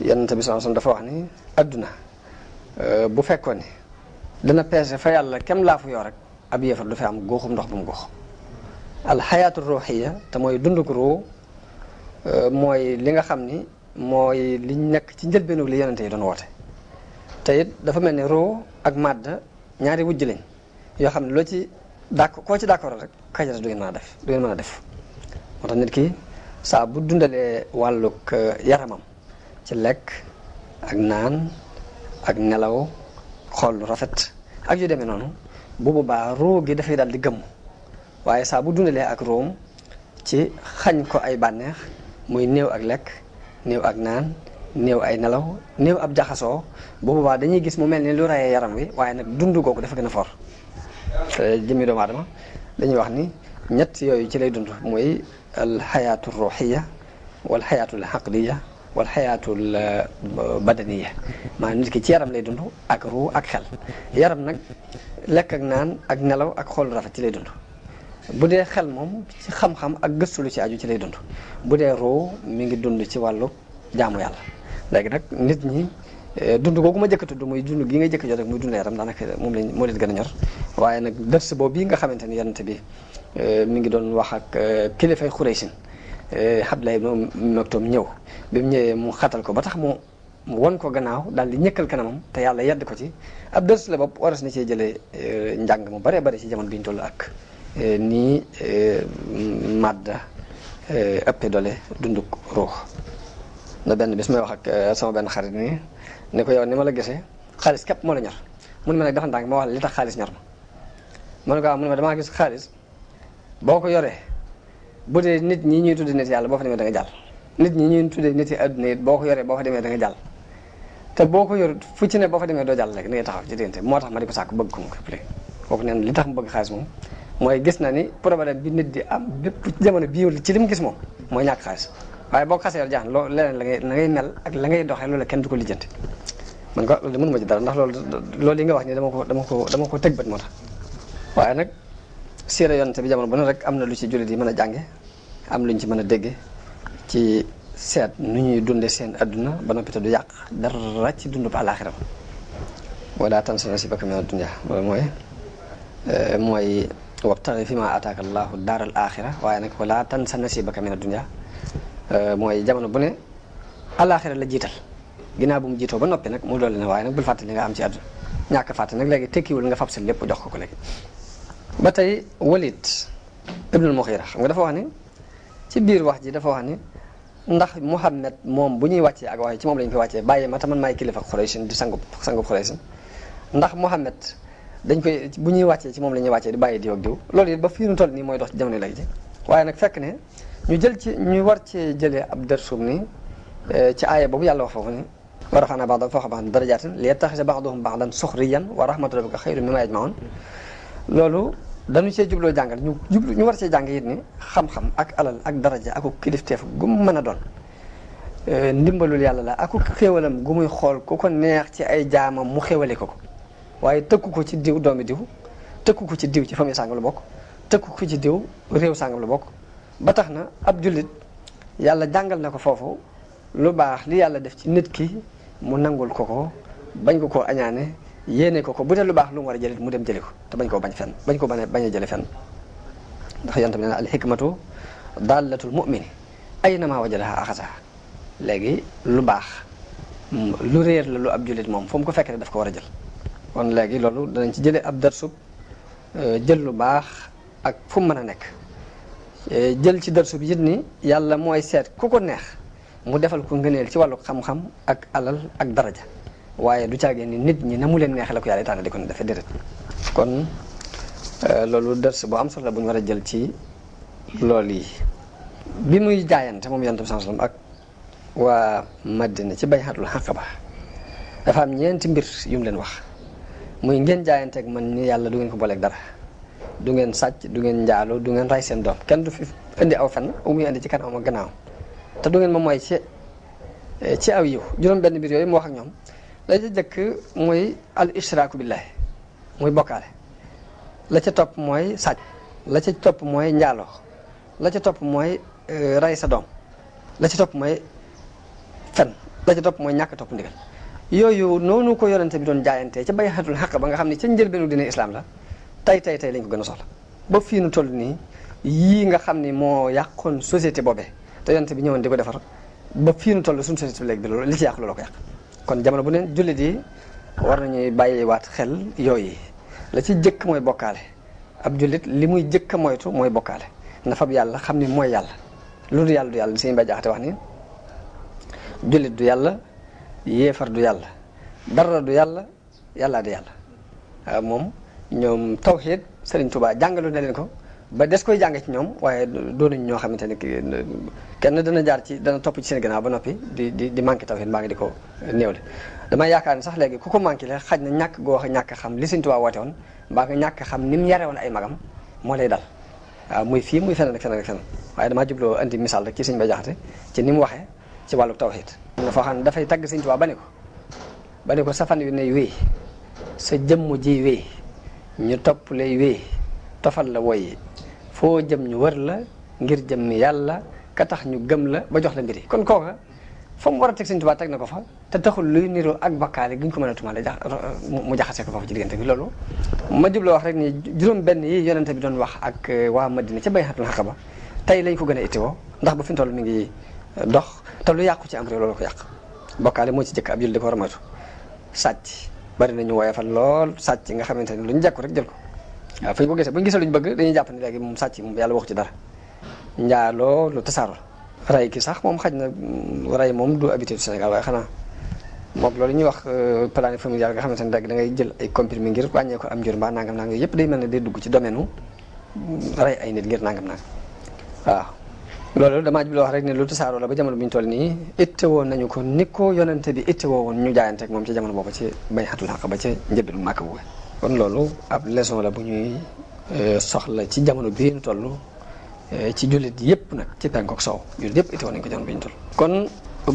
yonent bi sallallahu alayhi wasallam dafa wax ni adduna euh, bu fekkoon ni dana peese fa yàlla kem laa fu yoo rek ab yéefar du fi am góoxum ndox bu mu góox alxayaatu ruuxiya te mooy dunduk ruu euh, mooy li nga xam ni mooy li nekk ci njëlbeenu li yonente yi doon woote te dafa mel ni ruu ak màdd ñaari wujj lañ yoo xam ne loo ci d'accord koo ci d'accord rek kajara du ngeen mën a def du a def moo tax ki saa bu dundalee wàllug euh, yaramam ci lekk ak naan ak nelaw xool lu rafet ak yu demee noonu bu boobaa roo gi dafay dal di gëmm waaye saa bu dundalee ak room ci xañ ko ay bànneex muy néew ak lekk néew ak naan néew ay nelaw néew ab jaxasoo bu boobaa dañuy gis mu mel ni lu rayee yaram wi waaye nag dund googu dafa gën a for jëmmi doomu aadama dañuy wax ni ñett yooyu ci lay dund mooy alxayaatu ruuxiya wal xayaatu wal xayaatul euh, badaniya maanaam nit ki ci yaram lay dund ak ruu ak xel yaram nag lekk ak naan ak ngelaw ak xool rafet ci lay dund bu dee xel moom ci xam-xam ak gëstu lu ci aju ci lay dund bu dee ruu mi ngi dund ci wàllu jaamu yàlla léegi nag nit ñi euh, dund googu ma jëkk tudd muy dund gi nga jëkk jot rek muy dund yaram daanaka moom lañ moo leen gën a ñor waaye nag dërs boobu nga xamante ni yonent bi euh, mi ngi doon wax ak kilifay Xuraysin Abdullah ibn Maktum ñëw bi mu ñëwee mu xatal ko ba tax mu mu won ko gannaaw daal di ñëkkal kanamam te yàlla yedd ko ci ab dërs la bopp waras na cee jëlee eh, njàng mu bare bare ci jamono bi ñu toll ak eh, nii eh, madda ëppe dole dunduk ruux na benn bis may wax ak sama benn xarit ni ne ko yow ni ma la gisee xaalis képp moo la ñor mun ma nag dafa ma wax la li tax xaalis ñor ma man ko mu ne ma damaa gis xaalis boo ko yoree bu dee nit ñi ñuy tudde nit yàlla boo fa demee da nga jàll nit ñi tudde nit yi àdduna it boo ko yoree boo fa demee da nga jàll te boo ko yor fu ci ne boo fa demee doo jàll rek da ngay taxaw ci diggante moo tax ma di ko sàkk bëgg ko mu képpale kooku neen li tax mu bëgg xaalis moom mooy gis na ni problème bi nit di am bépp jamono bii ci li mu gis moom mooy ñàkk xaalis waaye boo ko xasee yor jaax loo leneen la ngay la ngay ak la ngay doxee loola kenn du ko lijjanti man ko loolu mënuma ci dara ndax loolu loolu yi nga wax ni dama ko dama ko dama ko teg bët moo tax siira yonte bi jamono bu ne rek am na lu ci jullit yi mën a jànge am luñ ci mën a dégge ci seet nu ñuy dunde seen adduna ba noppi te du yàq dara ci dundub àllaaxiram wala tan si bakka mina dunya loolu mooy eh, fi ma ataaka allahu daaral axira waaye nag wala tan sa nasibaka min ad-dunya eh, mooy jamono bu ne alaxira la jiital ginnaaw bu mu jiitoo ba nag mu dolli ne waaye nag bul fàtte nga am ci àdduna ñàkk fàtte nag léegi tekkiwul nga fab seen lépp jox ko ko léegi ba tey Walid ibnul Mughira xam nga dafa ni ci biir wax ji dafa wax ni ndax Muhammad moom bu ñuy wàccee ak waaye ci moom lañu koy wàccee bàyyi ma te man maay kilifa Xuraysin di sangub sangub Xuraysin ndax Muhammad dañ koy bu ñuy wàccee ci moom la ñuy wàccee di bàyyi di ak diw loolu ba fii nu toll nii mooy dox ci jamono léegi ji waaye fekk ne ñu jël ci ñu war cee jëlee ab dërsum ni eh, ci aaya boobu yàlla wax foofu ni wa rafa'naa ba'dahum fawqa ba'din darajaatin li yattaxiza ba'duhum ba'dan suxriyyan wa rahmatu rabbika xayrun mimmaa yajma'uun loolu dañu see jubloo jàngal ñu ñu war see jàng it ni xam-xam ak alal ak daraja ak kilifteef gu mën a doon euh, ndimbalul yàlla la ak xéewalam gu muy xool ku ko neex ci ay jaamam mu xéewale ko ko waaye tëkku ko ci diw doomi diw tëkku ko ci diw ci famille sàngam la bokk tëkku ko ci diw réew sàngam la bokk ba tax na ab jullit yàlla jàngal na ko foofu lu baax li yàlla def ci nit ki mu nangul ko ko bañ ko ko añaane yéene ko ko bu dee lu baax lu mu war a jëlee mu dem jëli ko te bañ koo bañ fenn bañ koo bañ bañ a jële fenn ndax yonent bi nee na al hikmatu dallatul mu'mini aynama wajadaha axasaha léegi lu baax lu réer la lu ab jullit moom fu mu ko fekk rek daf ko war a jël kon léegi loolu danañ ci jëlee ab darsub euh, jël lu baax ak fu mu mën a nekk euh, jël ci darsub yit ni yàlla mooy seet ku ko neex mu defal ko ngëneel ci wàllu xam-xam ak alal ak daraja waaye du caagee ni nit ñi na mu leen neexee la ko yàlla itaana di ko ne dafa kon euh, loolu ders bu am solo la bu ñu war a jël ci lool yi bi muy jaayante moom yonent bi sallam ak waa Madina ci bayxatul xaqaba dafa am ñeenti mbir yu mu leen wax muy ngeen jaayante ak ni yàlla du ngeen ko booleeg dara du ngeen sàcc du ngeen njaaloo du ngeen ray seen doom kenn du fi indi aw fen u muy indi ci kanam ak gannaaw te du ngeen ma mooy ci ci aw yiw juróom benn mbir yooyu mu wax ak ñoom la ca jëkk muy al ishraaku billahi muy bokkaale la ca topp mooy sàcc la ca topp mooy njaaloo la ca topp mooy euh, ray sa doom la ca topp mooy fen la ca topp mooy ñàkk topp ndigal yooyu noonu ko yonente bi doon jaayantee ca bayxatul xaq ba nga xam ne ca njëlbeenu dina islam la tey tey tey ko gën a soxla ba fii toll nii yii nga xam ni moo yàqoon société boobe te yonente bi ñëwoon di ko defar ba fii nu toll suñu société bi léegi bi loolu li ci yàq loolu ko yàq kon jamono bu neen jullit yi war nañuy bàyyiwaat xel yooyu la ci jëkk mooy bokkaale ab jullit li muy jëkk a moytu mooy bokkaale na fab yàlla xam ni mooy yàlla lu du yàlla du yàlla suñu ba jaaxate wax ni jullit du yàlla yéefar du yàlla dara du yàlla yàllaa du yàlla moom ñoom tawxiid Sëriñ Tuubaa jàngalu na leen ko ba des koy jàng ci ñoom waaye doonuñ ñoo xamante ne kenn dana jaar ci dana topp ci seen gannaaw ba noppi di di di manqué tawhid mbaa ngi di ko néew de damay yaakaar ne sax léegi ku ko manqué la xaj na ñàkk goo ñàkk xam li Sëñ Tuubaa woote woon mbaa nga ñàkk xam ni mu yare woon ay magam moo lay dal waaw muy fii muy feneen ak feneen ak feneen waaye damaa jubloo andi misaal rek ci Sëñ Bay Jaxate ci ni mu waxee ci wàllu tawhid foo xam ne dafay tagg Sëñ Tuubaa ba ne ko ba ne ko sa fan yu ne wéy sa jëmm ji wéy ñu topp lay wéy tofal la woy foo jëm ñu wër la ngir jëm yàlla ka tax ñu gëm la ba jox la mbir yi kon koo fa mu war a teg Sëñ Tuubaa teg na ko fa te taxul luy niroo ak bakkaale gi ñu ko mën a tumaale jax mu jaxase ko foofu ci diggante bi loolu ma jublu wax rek ni juróom benn yi yonente bi doon wax ak eh, waa Madina ca Bayhatul ba tey lañ ko gën a ittiwoo ndax ba fi mu toll mi ngi eh, dox te lu yàqu ci am réew loolu ko yàq bokkaale moo ci jëkk ab jul di ko war a moytu sàcc bari nañu woyofal lool sàcc nga xamante ne lu ñu jekku rek jël ko waaw fu ñu ko gisee bu ñu gisee ñu bëgg dañuy jàpp ne léegi moom sàcc moom yàlla waxu ci dara njaaloo lu tasaaroo ray ki sax moom xaj na mm, ray moom du habitude Sénégal waaye xanaa moom loolu ñuy wax euh, planning familial nga xamante ne rek da ngay jël ay comprimés ngir wàññee ko am njur mbaa nangam nangam yëpp day mel ne day dugg ci domaine u mm, ay nit ngir nangam nangam waaw loolu damaa jubloo wax rek ne lu tasaaroo la ba jamono bi ñu toll nii ittewoon nañu ko ni ko yonente bi ittewoo woon ñu jaayanteeg moom ci jamono boobu ci bañ xatul xaq ba ci njëbbilu màkk bu kon loolu ab leçon la bu ñuy euh, soxla ci jamono bii ñu toll euh, ci jullit yëpp nag ci penku ak jullit yëpp itoo nañ ko jamono bi ñu toll. kon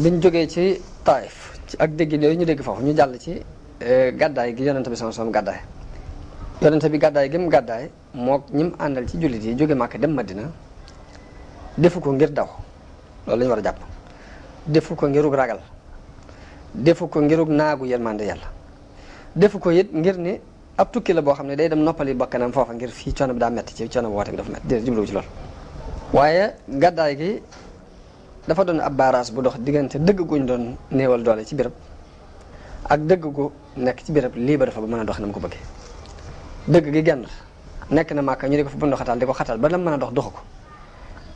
biñ jógee ci taayif ci ak dégg yooyu ñu dégg foofu ñu jàll ci euh, gàddaay gi yonente bi sama sama gàddaay yonente bi gàddaay gi mu gàddaay mook ñim àndal ci jullit yi jóge Màkka dem dina defu ko ngir daw loolu la ñu war a jàpp defu ko ngirug ragal defu ko ngirug naagu yërmande yàlla defu ko it ngir ni. ab tukki la boo xam ne day dem noppali bakkanam foofa ngir fii coono bi daa metti ci coono bi woote bi dafa metti ci loolu waaye gàddaay gi dafa doon ab baaraas bu dox diggante dëgg doon néewal doole ci béréb ak dëgg gu nekk ci béréb lii ba dafa ba mën a dox na mu ko bëggee dëgg gi genn nekk na màkka ñu di ko fa bund xatal di ko xatal ba la mën a dox doxu ko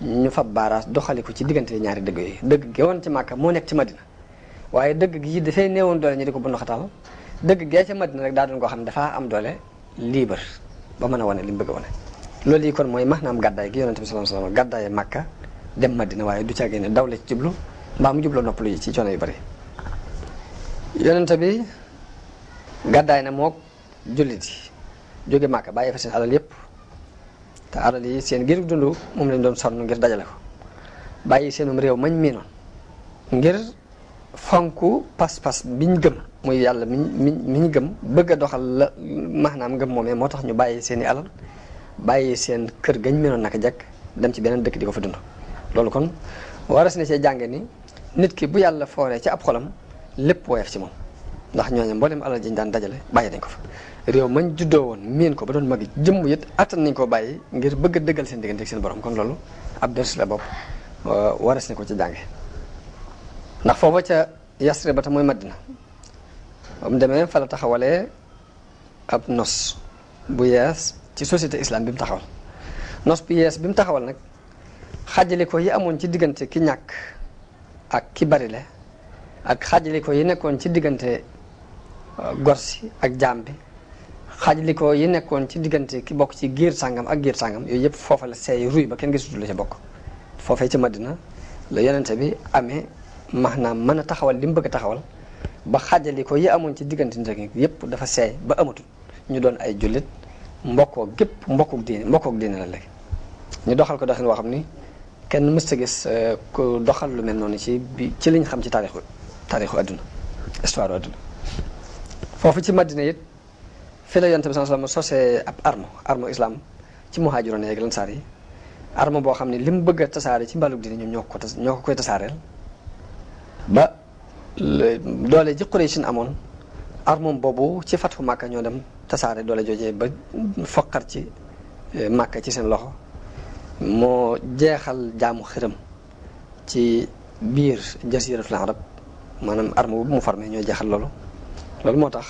ñu fab baaraas doxali ko ci diggante ñaari dëgg yooyu dëgg gi woon ci màkka moo nekk ci madina waaye dëgg gi dafay woon doole ñu di ko bund xatal dëgg gee ca Madina rek daa doon koo xam ne dafaa am doole libre ba mën a wane li bëgg a wane loolu yi kon mooy maanaam gàddaay gi yonent bi sallallahu alayhi wasallam gàddaaye Makka dem Madina waaye du caagee ne daw la ci jublu mbaa mu jublu noppalu yi ci coono yu bëri yonent bi gàddaay na mook jullit yi jóge Makka bàyyi fa seen alal yépp te alal yi seen gir dund moom lañ doon sonn ngir dajale ko seen seenum réew mañ miinoon ngir fonk pas-pas ñu gëm muy yàlla miñ mi ñu gëm bëgg a doxal la maanaam ngëm moomee moo tax ñu bàyyi seen i alal bàyyi seen kër gañ mënoon naka jekk dem ci beneen dëkk di ko fa dund loolu kon waras ne see jànge ni nit ki bu yàlla fooree ci ab xolam lépp woyof ci moom ndax ñooñu mboolem alal jiñ daan dajale bàyyi nañ ko fa réew mañ juddoo woon miin ko ba doon mag jëmm it attan nañ koo bàyyi ngir bëgg a dëggal seen diggante seen borom kon loolu ab ders la bopp waras na ko ci jànge ndax foofa ca yasri ba ta mooy madina ba mu demee fa la taxawalee ab nos bu yees ci société islam bi mu taxawal nos bu yees bi mu taxawal nag xajali ko yi amoon ci diggante ki ñàkk ak ki barile ak xajali ko yi nekkoon ci diggante uh, gorsi ak jaam bi xaajali ko yi nekkoon ci diggante ki bokk ci giir sàngam ak giir sàngam yooyu yëpp foofa la seey ruy ba kenn gisutu la ca bokk foofee ci madina la yonente bi amee max naa mën a taxawal li mu bëgg taxawal ba xaajali ko yi amoon ci diggante njëg yëpp dafa seey ba amatul ñu doon ay jullit mbokkoo gépp mbokkook diine mbokkook diine la léegi ñu doxal ko doxin woo xam ni kenn mës ta gis euh, ku doxal lu mel noonu ci ci liñ xam ci taarixu taarixu adduna histoire adduna foofu ci Madina it fi la yonent bi sallallahu alayhi wasallam sosee ab arme arme islam ci muhaajiroon yeeg lansaar yi arme boo xam ne li mu bëgg a tasaare ci mbalug diine ñoom ñoo ko ñoo ko ba doole ji Qurayshin amoon armom boobu ci fatfu Màkka ñoo dam tasaare doole joojee ba foqar ci eh, Màkka ci seen loxo moo jeexal jaamu xiram ci biir jasiratul arab maanaam arme boobu mu formé ñoo jeexal loolu loolu moo tax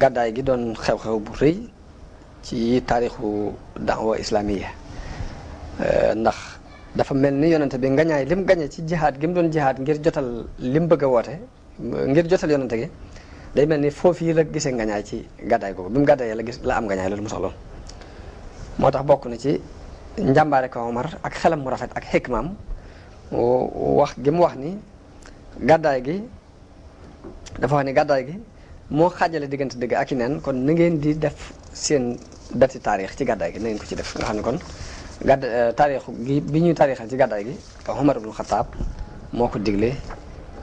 gàddaay gi doon xew-xew bu rëy ci taarixu daawa islamiya eh, ndax dafa mel ni yonente bi nga ngañaay lim gañe ci jihaad gi mu doon jihaad ngir jotal lim bëgg a woote ngir jotal yonente gi day mel ni foofu yi la gisee ngañaay ci gàddaay googu bi mu gàddaayee la gis la am ngañaay loolu mu soxloon tax bokk na ci njàmbaare ko Omar ak xelam mu rafet ak xikmaam wax gi mu wax ni gàddaay gi dafa wax ni gàddaay gi moo xaajale diggante dëgg ak i neen kon na ngeen di def seen dati taarix ci gàddaay gi na ko ci def nga xam ne kon ga euh, taarix gi bi ñuy taarixal ci gàddaay gi Umar ibnul Xataab moo ko digle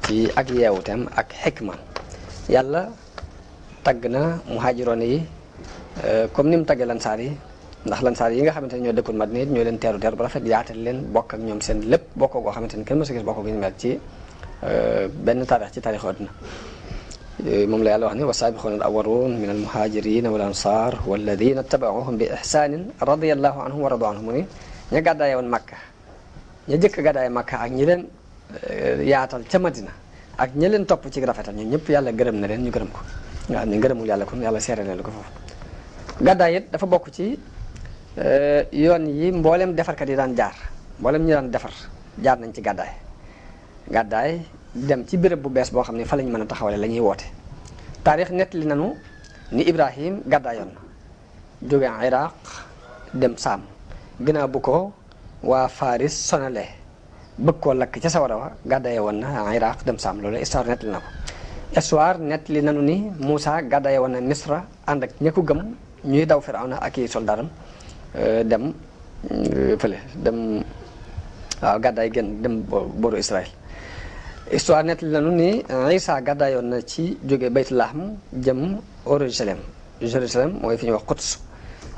ci ak yeewuteem ak xikma yàlla tagg na muhaajiroon yi euh, comme ni mu taggee lansaar yi ndax lansaar yi nga xamante ne ñoo dëkkoon Madina it ñoo leen teeru teeru ba rafet yaatal leen bokk ak ñoom seen lépp bokk goo xamante ne kenn mësu gis bokk gi ñu mel ci euh, benn taarix ci taarixu àdduna moom la yàlla wax ne wa saabixuuna al awaluun min al muhaajirina wal ansaar walladina tabacuhum bi ixsaanin radiallahu anhum wa radu anhum mu ne ña gàddaaye woon Makka ña jëkk gàddaaye Makka ak ñi leen eh, yaatal ca Madina ak ñi leen topp ci rafetal ñun ñëpp yàlla gërëm na leen ñu gërëm ko nga xam ne gërëmul yàlla kon yàlla seere na ko foofu gàddaay it dafa bokk ci eh, yoon yi mboolem defarkat yi daan jaar mboolem ñi daan defar jaar nañ ci gàddaay gàddaay dem ci béréb bu bees boo xam ne fa lañ mën a taxawale la ñuy woote taarix li nanu ni Ibrahim gàddaayoon na jóge Iraq dem Saam ginnaaw ko waa Faris sonale bëgg koo lakk ca sawara wa gàddaaye woon na Iraq dem Saam loolu histoire nettali na ko histoire li nanu ni Moussa gàddaaye woon na Misra ànd ak ña gëm ñuy daw Firawna ak i soldaaram euh, dem euh, fële dem waaw gàddaay gën dem boru Israël histoire nett lanu ni Isa gàddaayoon na ci jóge Bayt Lahm jëm Jérusalem Jérusalem mooy fi ñuy wax Quds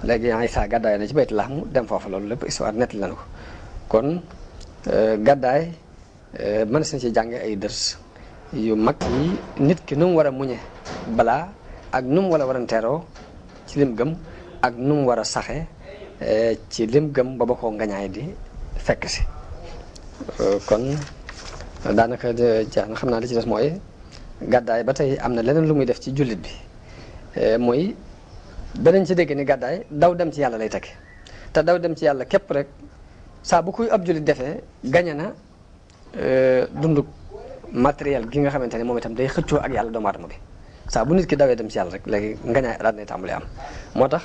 léegi Isa gàddaayoon na ci Bayt Lahm dem foofu loolu lépp histoire nett lanu ko kon euh, gàddaay euh, mën si na ci jànge ay dërs yu mag yi nit ki nu mu war a muñe balaa ak nu mu war a waranteeroo ci lim gëm ak nu mu war a saxe euh, ci lim gëm ba ba koo ngañaay di fekk si kon daanaka jeex na xam naa li ci des mooy gàddaay ba tey am na leneen lu muy def ci jullit bi eh, mooy beneen ci dégg ni gàddaay daw dem ci yàlla lay tege te daw dem ci yàlla képp rek saa bu kuy ab jullit defee gañe na eh, dundu matériel gi nga xamante ne moom itam day xëccoo ak yàlla doomu aadama saa bu nit ki dawee dem ci yàlla rek léegi ngañaay daal nay tàmbali am moo tax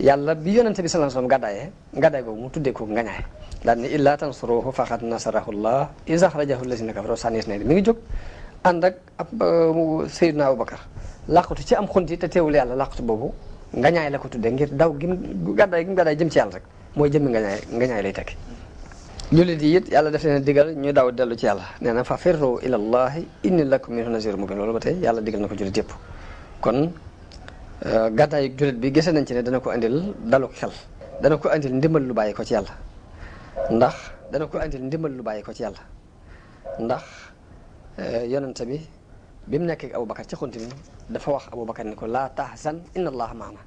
yàlla bi yonente bi sallallahu alayhi wasallam gàddaaye gàddaay googu mu tuddee ko ngañaay daal ni illaa tansuruhu faqad nasarahullah iz akhrajahu allazina kafaru sanis ne mi ngi jóg ànd ak ab euh, Seydina Abubakar làqatu ci am xunti te teewul yàlla làqatu boobu ngañaay la ko tuddee ngir daw gim gàddaay gim gàddaay jëm ci yàlla rek mooy jëmmi ngañaay ngañaay lay tekki jullit yi it yàlla def leen digal ñu daw dellu ci yàlla nee na fa firru ilallahi inni lakum minhu nazirun mubin loolu ba tey yàlla digal na ko jullit yëpp Euh, gàddaayu jullit bi gise nañ ci ne dana ko indil daluk xel dana ko indil ndimbal lu bàyyi ko ci yàlla ndax dana ko indil ndimbal lu bàyyi ko ci yàlla ndax euh, yonente bi bi mu nekk Aboubacar ci xunti dafa wax Aboubacar ni ko laa tahzan inna allaha maana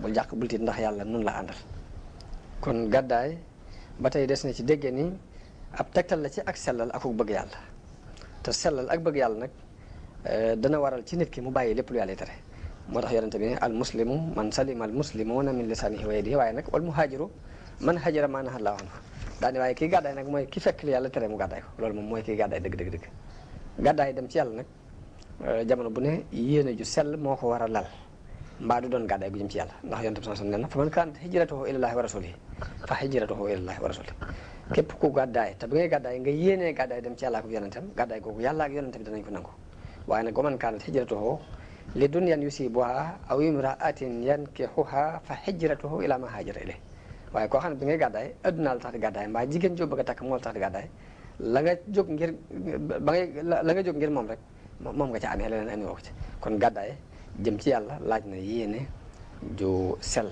bul jàq bul tiit ndax yàlla nun la àndal kon gàddaay ba tey des na ci dégge ni ab tegtal la ci ak sellal ak bëgg yàlla te sellal ak bëgg yàlla nag euh, dana waral ci nit ki mu bàyyi lépp lu yàlla tere moo tax yonente bi ne al muslimu man salima al muslimuna min lisanihi wa yadihi waaye nag wal muhaajiru man hajara maa nahaa Allaahu anhu daane waaye kii gàddaay nag mooy ki fekk li yàlla tere mu gàddaay ko loolu moom mooy kii gàddaay dëgg dëgg dëgg dem ci yàlla euh, jamono bu ne yéene ju sell moo ko war a lal mbaa du doon gàddaay gu jëm ci yàlla ndax yonent bi sallallahu alayhi wasallam na fa man kaanat hijratuhu ilallaahi wa rasulihi fa hijratuhu ilallaahi wa rasulihi képp ku te bu ngay gàddaay nga yéenee gàddaay dem ci yàlla ak yonentam gàddaay googu yàlla ak yonente bi danañ ko nangu waaye nag wa man kaanat hijratuhu li dunyan yusibuha aw imraatin yankixuha fa hijratuhu ila ma haajara ilay waaye koo xam ne bi ngay gàddaay addunaa la tax di gàddaay mbaa jigéen joo ba a takk moo la tax di gàddaay la nga jóg ngir ba ngay la nga jóg ngir moom rek moom nga ca amee leneen andi woo ko ci kon gàddaay jëm ci yàlla laaj na yéene ju sell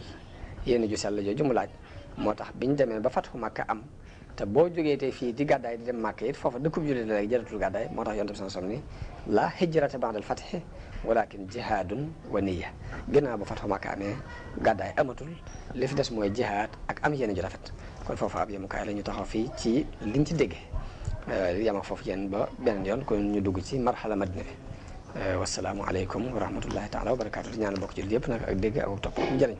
yéene ju sell jooju mu laaj moo tax biñ demee ba fatxu Makka am te boo jógee te fii di gàddaay di dem Makka it foofa dëkkub jullit la rek jaratul gàddaay moo tax yonent bi sallallahu alayhi wasallam ni la hijrata ba'dal fathi walakin jihaadun wa niya ginnaaw ba fata Makka amee gàddaay amatul li fi des mooy jihaad ak am yéene ju rafet kon foofu ab yemukaay la ñu taxaw fii ci liñ ci déggee euh, yam ak foofu yéen ba beneen yoon kon ñu dugg ci marxala madina bi euh, wasalaamualeykum wa rahmatullahi taala wa barakaatu di ñaan bokk ci yëpp nag ak dégg ak topp njëriñ